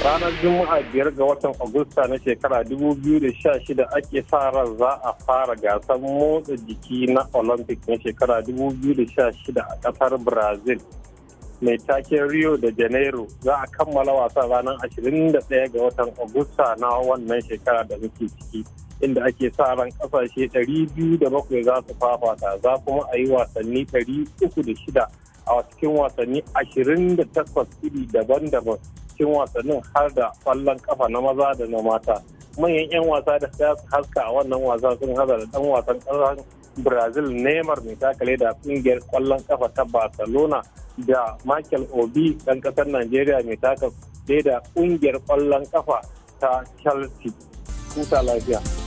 ranar juma'a biyar ga watan agusta na shekara 2016 ake sa ran za a fara gasar motsa jiki na olympic na shekara 2016 a kasar brazil mai taken rio de janeiro za a kammala wasan ranar 21 ga watan agusta na wannan shekara da muke ciki inda ake sa ran kasashe 207 za su fafata za kuma a yi wasanni 306 a cikin wasanni 28 iri daban-daban cikin wasannin har da kwallon kafa na maza da na mata manyan 'yan wasa da za haska a wannan wasa sun haza da dan wasan ƙasar brazil neymar mai takale da kungiyar kwallon kafa ta barcelona da michael obi dan ƙasar nigeria mai taka da kungiyar kwallon kafa ta chelsea kusa lafiya